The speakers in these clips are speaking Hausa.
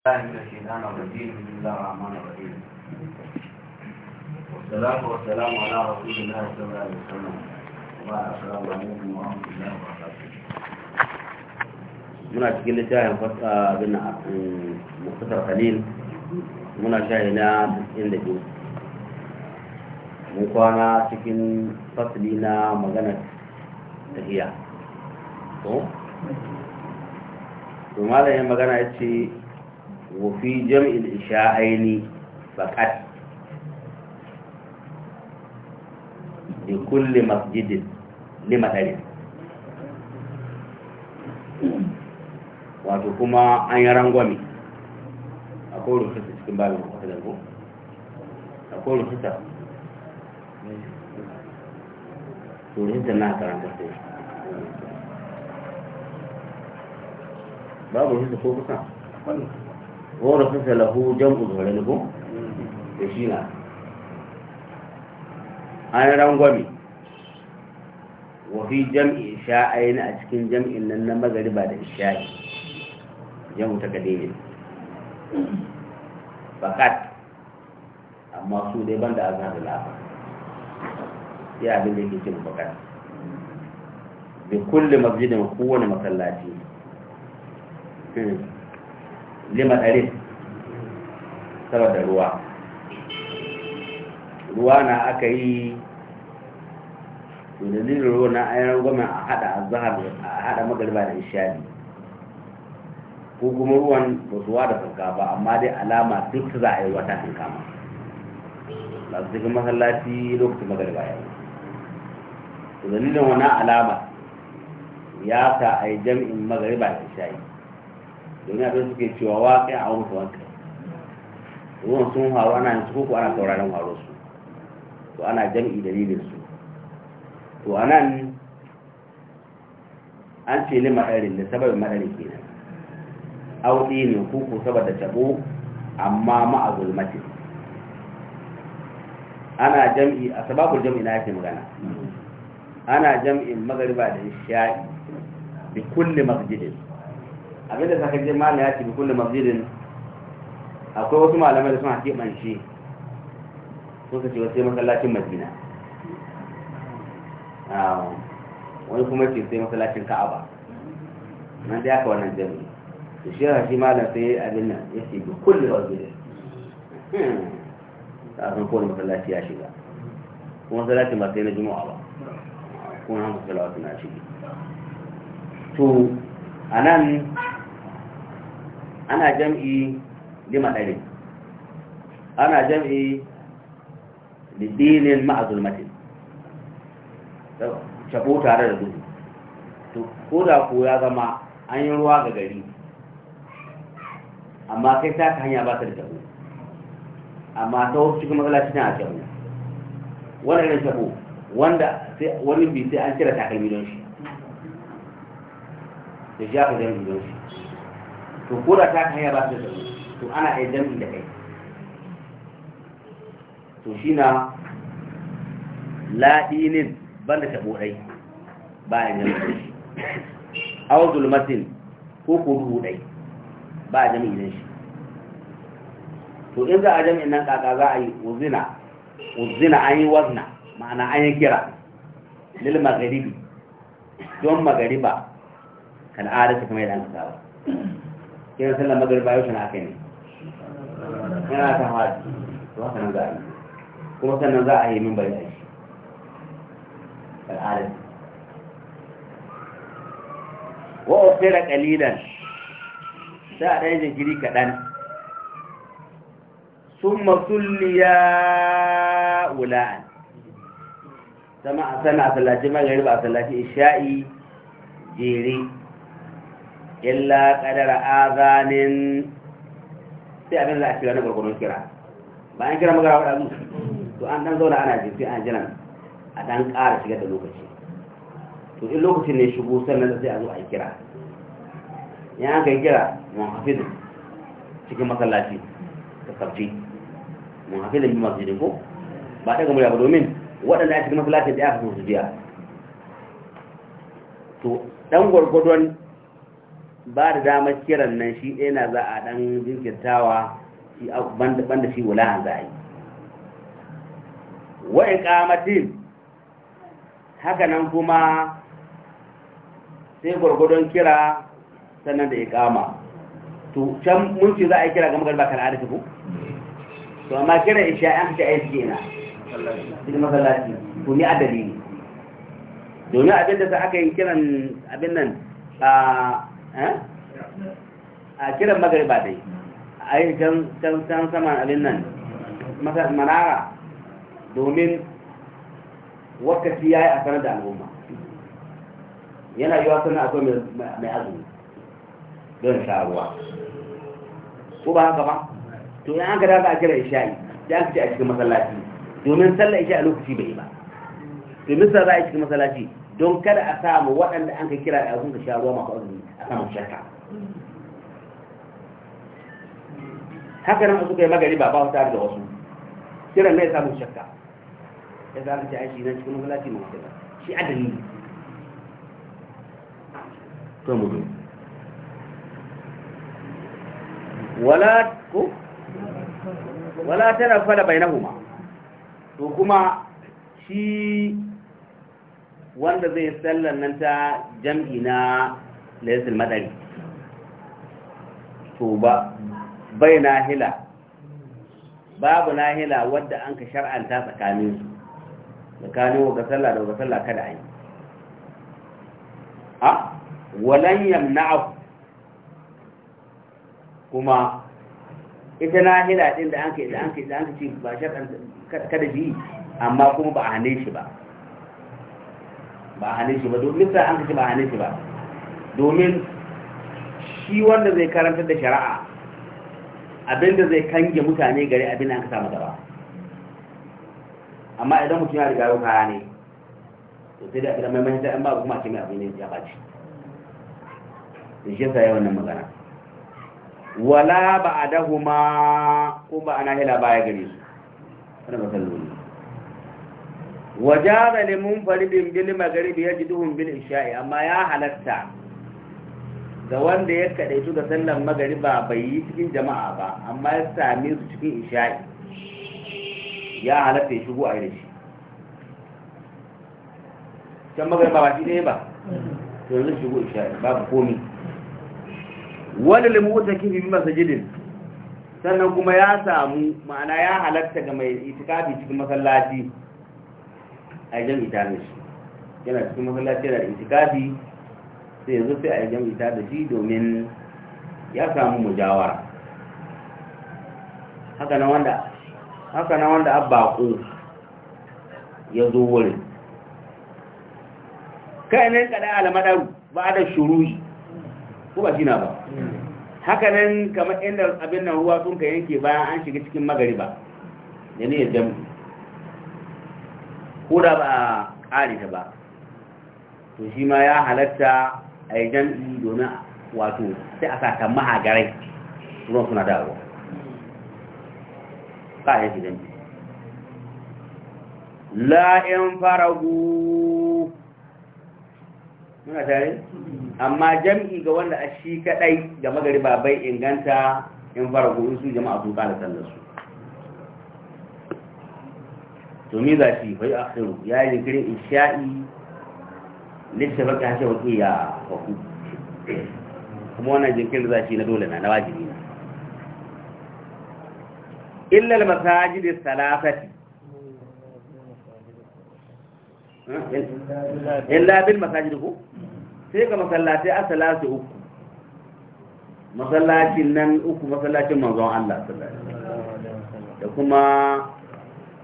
والصلاة muna cikin littafin fata bin muktasar muna na 92 mun kwana cikin fasli na maganar tafiya to to magana ya ce وفي جمع الإشاعين فقط لكل مسجد لمثل wato kuma an yi rangwame akwai rufisa cikin babin kwakwalwar ko akwai rufisa rufisa na karanta babu rufisa ko kusa wani fasa lahu jam'u zuwarin ko da shi na an rangwami wafi jam'i sha'ayin a cikin jam'in nan na magariba da isha'i jam'u ta kadere bakat amma su dai ban da azhar da lafa ya abin da yake cin bakat bi kulli masjidin kowane masallaci hmm. limaɗarin saboda ruwa ruwa na aka yi dalilin ruwa na ayar goma a haɗa azahar a haɗa magariba da ishadi ko kuma ruwan ba su wada kanka ba amma dai alama duk za a yi wata kama ba su cikin masallaci lokacin magariba ya yi. dalilin wani alama ya sa a yi jam'in magariba da ishadi domin abin suke cewa waƙi a wani tawakkal ruwan sun haru ana yin ko ana sauraron haro su to ana jam'i dalilin su to nan an ce ne maɗarin da sababin maɗarin kenan auɗi ne kuku saboda taɓo amma ma'a zulmatin ana jam'i a sababin jam'i na yake magana hmm. ana jam'in magariba da isha'i bi kulli masjidin abinda saka je mala ya ce bi kullum masjidin akwai wasu malamai da suna keɓance suka ce wasu masallacin madina wani kuma ce sai masallacin ka'aba nan da aka wannan jami'i da shi shi malam sai abin nan ya ce bi kullum masjidin hmm. a sun kowane masallaci ya shiga kuma masallacin ba sai na juma'a ba kuma hankali wasu na shiga to a nan ana jam'i lima ɗari ana jam'i lidinin ma'azulmatin shafo tare da duhu to ko da ko ya zama an yi ruwa ga gari amma kai ta hanya ba ta da shafo amma ta wasu cikin matsala cikin a shafo wani irin shafo wanda wani bi sai an cire takalmi don shi da shi shafa zai don shi to ko da ta kai ba ta da to ana iya jam'i da kai to shi na la'inin banda tabo ɗai bayan jam'i aw zulmatin ko ko duhu ɗai ba jam'i da shi to in za a jam'i nan kaka za a yi uzina uzina an yi wazna ma'ana an yi kira lil magharibi don magariba kan ta kamar yadda an saba kiran sallar magariba yau tana kai ne yana ta hawa to haka nan za a yi kuma sannan za a yi min bari a shi al'adar wa ofira kalilan sai a ɗaya jinkiri kaɗan sun masulliya wula'an sama a sana a sallaci magariba a sallaci isha'i jere illa kadara azanin sai abin za a kira na gwargwaron kira bayan kira wadda waɗansu to an dan zauna ana jinsi an jiran a dan kara shigar da lokaci to in lokacin ne shigo sannan sai a zo a kira ya an kai kira mun hafizu cikin masallaci ka sabci mun hafizu bi masjidin ko ba ta gamar ba domin waɗanda a cikin masallaci da ya fi su biya to ɗan gwargwadon ba da damar kiran nan shi ɗaya na za a ɗan jinkirtawa shi banda shi wulahan za a yi wa ƙamatin haka nan kuma sai gwargwadon kira sannan da ƙama to can mun ce za a yi kira ga magarba bakar arifi ko to amma kira isha an ce ai suke na cikin masallaci to ni a dalili domin abin da za aka yi kiran abin nan a kiran magariba dai a yi can saman abin nan manara domin wakati ya yi a sanar da al'umma yana wa sanar akwai mai azumi don sharuwa ko ba haka ba to an gada ba a kira isha'i sai ya kace a cikin masallaci domin sallar a lokaci bai ba domin sa za a cikin masallaci don kada a samu waɗanda an ka kira da abin da sha ruwa masu azumi a samun shakka haka nan suka yi Magari ba tare da wasu kiran na ya samun shakka ya zama ta aiki na cikin masalati na wata shi adali to mu wala ko wala tana fada ma, to kuma shi wanda zai sallar nan ta jam'i na laisul madari to ba bai nahila babu nahila wadda an ka shar'anta tsakanin su tsakanin wa sallah da wa sallah kada ai a walan yamna'u kuma ita nahila din da an ka da an ka da an ka ce ba shar'anta kada bi amma kuma ba a hane shi ba ba a hane shi ba domin sa an kace ba a hane shi ba domin shi wanda zai karantar da shari'a abinda zai kange mutane gari abinda an kasa gaba amma idan mutum ya riga yau kaya ne to sai da abin mai mahimmanci an ba kuma ce mai abin ne ya baci da shi yasa yawan nan magana wala ba a ma ko ba ana hila baya gare su wani matsaloli wajara ne mun fari bil magaribi ya duhun bin isha'i amma ya halatta ga wanda ya kaɗaitu da sallan magariba bai yi cikin jama'a ba amma ya same su cikin isha'i ya halatta ya shigo a yi da shi can magariba ba shi ɗaya ba yanzu shigo isha'i babu komi wani wuta kifi bi masajidin sannan kuma ya samu ma'ana ya halatta ga mai itikafi cikin masallaci a jami'i ta mishi yana cikin masallaci yana da itikafi sai yanzu sai a yi ta da shi domin ya samu mujawara haka na wanda abba ku ya zo wurin kai ne kada alamadaru ba da shuru'i ko ba shina ba haka nan kamar inda abin nan ruwa sun ka yanke bayan an shiga cikin magariba ne yadda ko da ba a ƙare ta ba to shi ma ya halatta a yi jam'i domin wato sai a sata mahagarai ruwan suna da ba ka a yanki jam'i la'in faragu muna tare amma jam'i ga wanda a shi kaɗai da magari babai inganta in faragu su jama'a sun ƙala sallarsu to mi za yi bai akhiru ya yi jinkirin isha'i lissa baka hashe wake ya haku kuma wannan jinkirin za shi na dole na na wajibi na illa masajid salafati illa bil masajid ko sai ga masallatai salafi uku masallacin nan uku masallacin manzon Allah sallallahu alaihi wasallam da kuma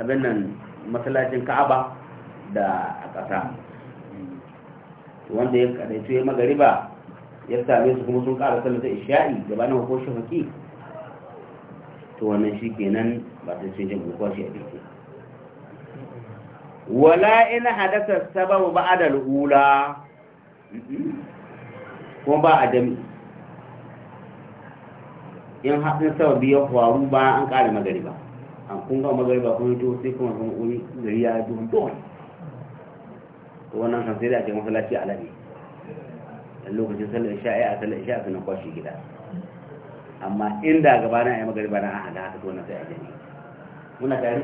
abin nan masallacin ka'aba da a ƙasa wanda ya karaitu ya magariba ya same su kuma sun ƙara sallata isha'i gabanin shi shafaki to wannan shi kenan ba ta sun jin hukun shi a biki wala ina hadasa sababu ba a ula kuma ba a jami in haɗin sababi ya faru ba an ƙara magariba an kun ga magariba kun yi to sai kuma kuma uri gari ya duhun don to wannan kan sai da ake masallaci alabi dan lokacin sallar isha ai a sallar isha suna kwashi gida amma inda gaba na ai ba na haka haka to na sai a jini muna tare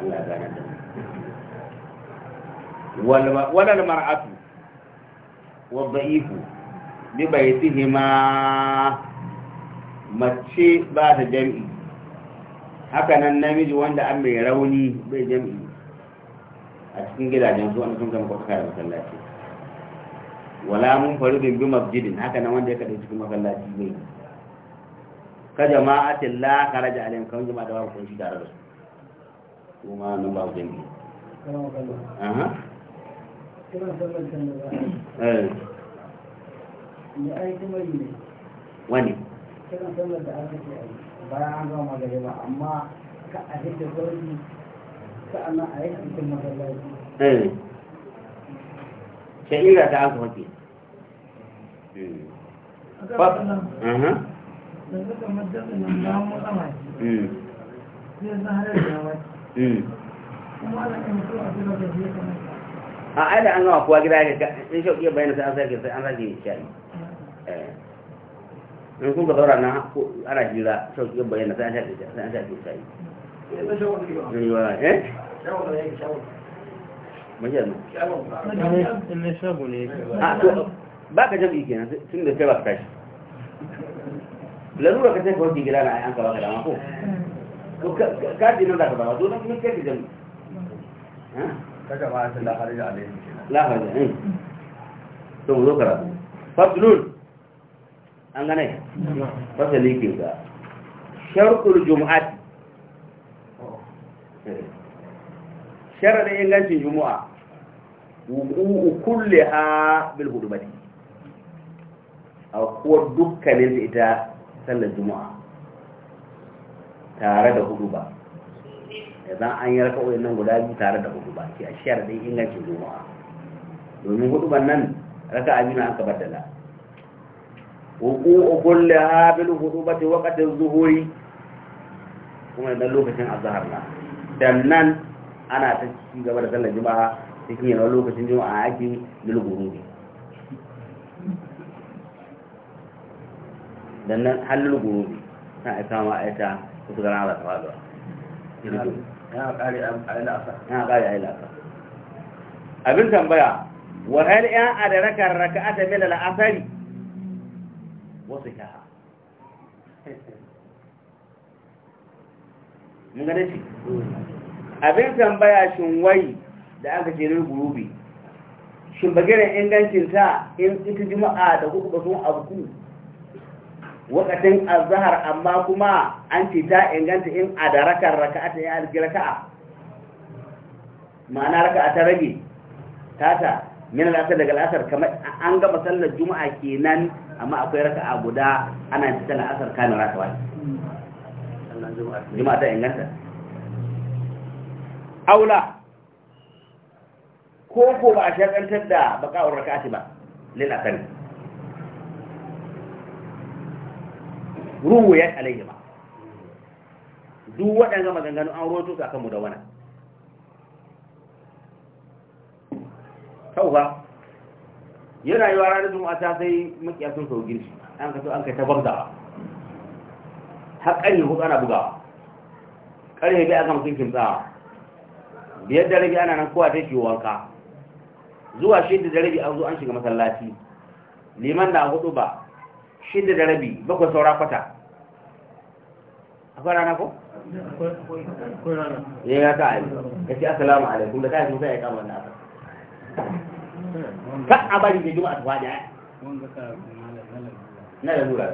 Allah ya gane da wala mar'atu wa dha'ifu bi baytihima mace ba ta jami'i haka nan namiji wanda an mai rauni bai jam'i a cikin gidajen su wanda sun gama kwakwaka da masallaci wala mun faru bin bi masjidin haka nan wanda ya kaɗai cikin masallaci bai ka jama'atin la karaja alayhim kan jama'a da babu shi tare da su kuma nan babu jam'i eh. wani kiran sallar da aka ce a yi bayan an gama ba amma ka a hidda sauri sa'annan a yi cikin masallaci eh. sha'ira ta an kuma ke yanzu kamar damin nan ba mu tsama ce zai zahara da yawa kuma ana kan so a zuba da zai kamar a aida an gama kuwa gida ne in shauƙi bayan sai an sake sai an sake sha'i hmm. eh. in kun ga zaura ana jira sau yin bayyana sai an sai an shaɗe eh, eh, eh? sai ah, ba ka jam'i tun da kai ba ka tashi ka sai ka gida na an ka baka dama ko ka ji nan za ka nan kuma kai ka jam'i ka lahari da lahari da to zo karatu fasulun an gane fasali ke ga sharɗul jum'at sharaɗin ingancin jumu'a wuku kulle ha bil hudubati a kuwa dukkanin ita sallar jumu'a tare da huduba idan an yi raka nan guda biyu tare da huduba ke a sharaɗin ingancin jumu'a domin huduban nan raka abin an ka baddala wuku kulle ha bil hudubati waqtin zuhuri kuma idan lokacin azhar na dan nan ana ta ci gaba da sallar juma'a cikin yana lokacin juma'a ake lil gurubi dan nan halil gurubi ta aika ma aita su ga ranar tawadu ya kare ailasa ya kare ailasa abin tambaya wa hal ya adraka raka'ata min al-asari wasu mun gane shi abin tambaya shin wai da aka jerin gurubi shin bagiran ingancinta in ita juma'a da kuka ba sun abu wakatin azhar amma kuma an ce ta inganta in a da rakar ta yi algi raka'a ma'ana ta rage tata min al'asar daga al'asar kamar an gama sallar juma'a kenan amma akwai raka a guda ana cika sallar asar raka wani juma'a ta inganta aula ko ko ba a shakantar da raka raka'ati ba lil asari ya alayhi ba duk waɗanda maganganu an roto su kanmu mu da wannan tauba yi rayuwa ranar juma'a ta sai makiya sun sau girki an kasu an kai ta gwamza har ƙarfe hudu ana bugawa ƙarfe bai aka mutum kimtsawa biyar da rabi ana nan kowa ta ke wanka zuwa shida da rabi an zo an shiga masallaci liman na hudu ba shida da rabi bakwai saura kwata akwai rana ko? akwai rana ya ya ta ayi ya ce asalamu alaikum da ta yi sun sai ya kama wannan kan a bari da juma'a ta faɗi na da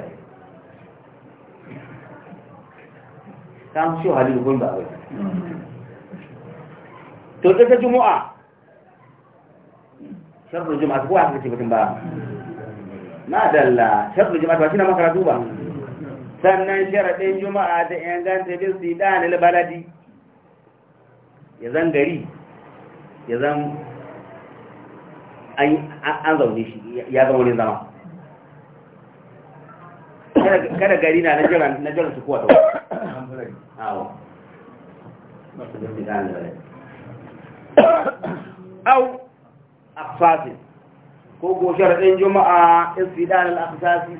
ta mu shi halilu gun ba wai to ita juma'a juma'a ko ce mutum ba dalla juma'a ba makaratu ba sannan juma'a da inganta bin baladi ya zan gari ya zan an zaune shi ya zama wani zama kada gari na na jiran su kowa ta au aksasin ko ko sharaɗin juma'a in fi ɗan al'aksasi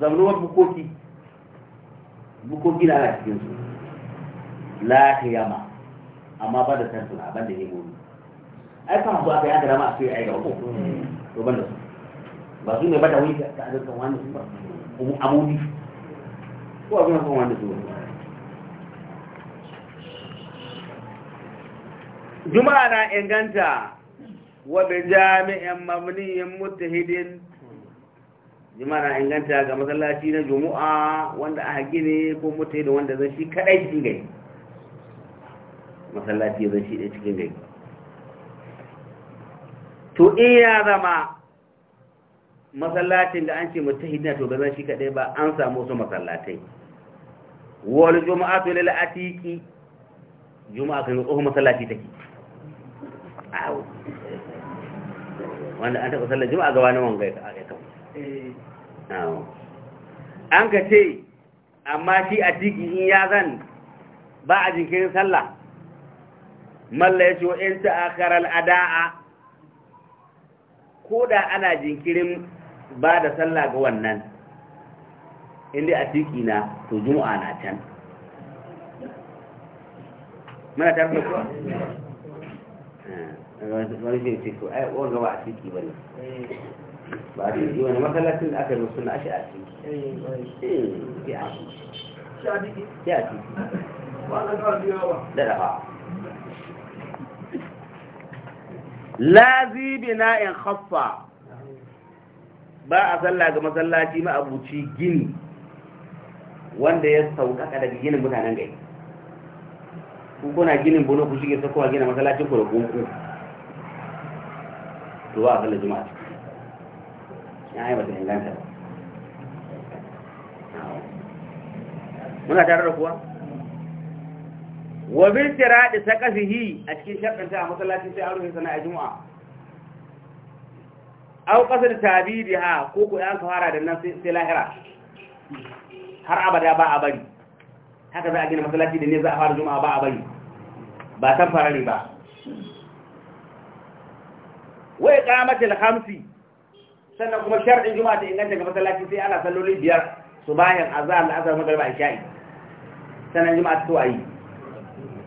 zaunuwar bukoki bukoki na ana cikinsu la hiyama amma ba da tantuna ban da gobe ai kan zuwa ka yaga rama a sai ai da uku to banda su ba su ne bada wani ta kan wani su ba amudi. ko abin kan wani su juma'a na inganta wa bi jami'in mabniyin muttahidin juma'a na inganta ga masallaci na juma'a wanda aka gine ko mutai da wanda zai shi kadai cikin gari masallaci zai shi cikin gari to in ya zama masallacin da an ce mutahidina to ba zan shi kadai ba an samu su masallatai wal jumu'atu lil Atiki? juma'a kan tsohon masallaci take awo wanda an taɓa sallar juma'a ga wani wanga ya kawo eh. awo an ka ce amma shi Atiki in ya zan ba a jinkirin sallah malla ya ce wa in ta akarar ada'a ko da ana jinkirin ba da sallah ga wannan inda a tiki na to juma'a na can mana ta rufe kuwa eh, wani shi ce to ai wani gaba a tiki ba ne ba a tiki wani masallacin da aka yi musu na ashe a tiki eh, ya tiki ya tiki da dafa lazi bina in haffa ba a sallah ga masallaci ma'abuci gini wanda ya sauƙaƙa daga ginin mutanen gai ku kuna ginin bono ku shige a gina masallacin ku da gunku to ba a sallar juma'a ya yi bata inganta muna tare da kuwa wa bin tiradi saqafihi a cikin shaddanta a masallaci sai aure sana'a juma'a tabi da ha, ko ko yan fara da nan sai lahira har abada ba a bari haka za a gina masallaci da ne za a fara juma'a ba a bari ba san farari ba wai qamatul khamsi sannan kuma shar'in juma'a ta inganta ga masallaci sai ana salloli biyar su subahin azhar al-asr a isha'i sannan juma'a ta wayi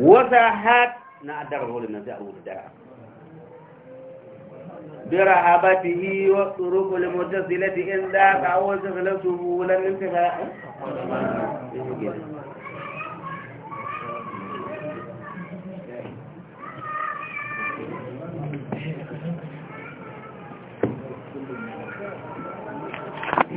wata hat na adara hulun na za'a wuta dara bira a ba fi yi wa tsoro kulimu ta zile da inda ka wajen zile su wulannin ta ga eh? Eh,